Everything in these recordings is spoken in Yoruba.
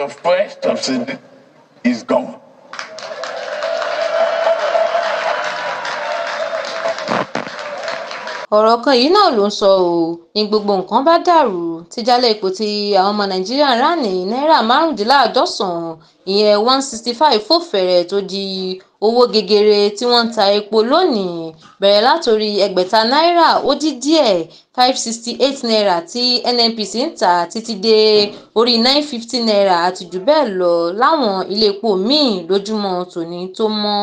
the first subsidy is gone. ọ̀rọ̀ kan yìí náà ló ń sọ ọ́ ní gbogbo nǹkan bá dàrú tíjàlẹ̀ epo tí àwọn ọmọ nàìjíríà ń rà ní náírà márùndínláàádọ́sàn-án ìyẹn one sixty five fò fẹ̀rẹ̀ tó di owó gegere tí wọ́n ń ta epo lónìí bẹ̀rẹ̀ látòrí ẹgbẹ̀ta náírà ó dín díẹ̀ five sixty eight naira tí nnpc ń tà títí dé orí nine fifty naira àti jù bẹ́ẹ̀ lọ láwọn iléepo míì lójúmọ́ tòní tó mọ́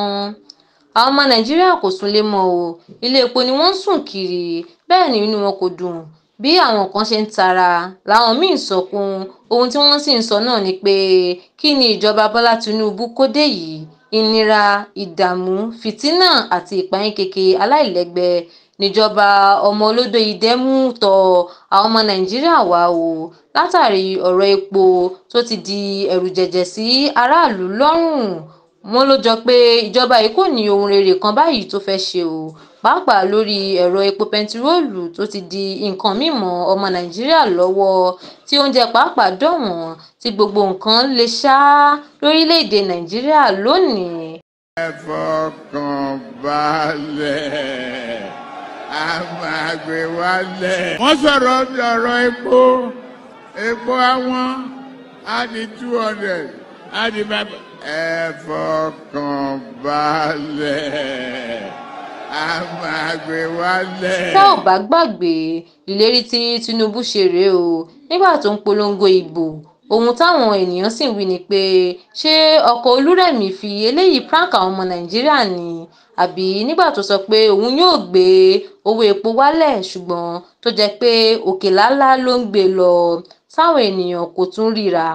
àwọn ọmọ nàìjíríà kò súnlé mọ́ o ilé epo ni wọ́n ń sùn kiri bẹ́ẹ̀ ni inú wọn kò dùn bí àwọn kan ṣe ń tara làwọn míì ń sọkún ohun tí wọ́n sì ń sọ náà ni pé kí ni ìjọba bọ́lá tìǹbù kó dé yìí ìnira ìdààmú fìtínà àti ìpayín keke aláìlẹ́gbẹ́ níjọba ọmọ olódò idẹ tọ àwọn ọmọ nàìjíríà wá o látàrí ọ̀rọ̀ epo tó ti di ẹ̀rù jẹ̀jẹ̀ sí aráàlú lọ́rùn wọn ló jọ pé ìjọba yìí kò ní ohun rere kan báyìí tó fẹẹ ṣe o pàápàá lórí ọrọ epo bẹntiróòlù tó ti di nǹkan míín mọ ọmọ nàìjíríà lọwọ tí oúnjẹ pàápàá dọwọn tí gbogbo nǹkan lè ṣáá lórílẹèdè nàìjíríà lónìí. ẹ fọkàn balẹ̀ a máa gbé wálẹ̀. wọ́n sọ̀rọ̀ ọ̀rọ̀ epo epo àwọn á ní two hundred. Adi bàbá. Ẹ fọkàn balẹ̀. A máa gbé wálẹ̀. Tá ò bá gbàgbé, ìlérí tí Tinubu ṣe rèé o, nígbà tó ń polongo ìbò ohun táwọn ènìyàn sì ń wí ni pé ṣé ọkọ̀ olúrẹ̀mí fi eléyìí prank àwọn ọmọ nàìjíríà ni àbí nígbà tó sọ pé òun yóò gbé owó epo wálẹ̀ ṣùgbọ́n tó jẹ́ pé òkè lálá ló ń gbé lọ táwọn ènìyàn kò tún ríra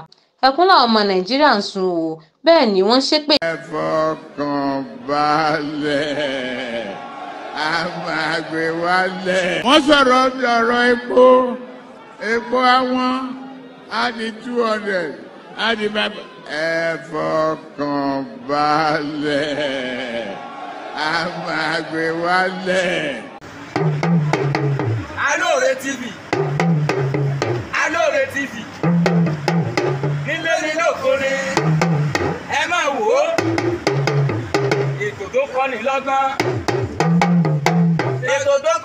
ẹkún làwọn ọmọ nàìjíríà ń sun o bẹ́ẹ̀ ni wọ́n ṣépè. ẹ fọkàn a máa gbé wálẹ̀. wọ́n sọ̀rọ̀ bí ọ̀rọ̀ epo epo àwọn á di two hundred á di five. ẹ fọkàn balẹ̀ a máa gbé wálẹ̀. Alore TV. akọ́nilọ́gbọ́n ètò tó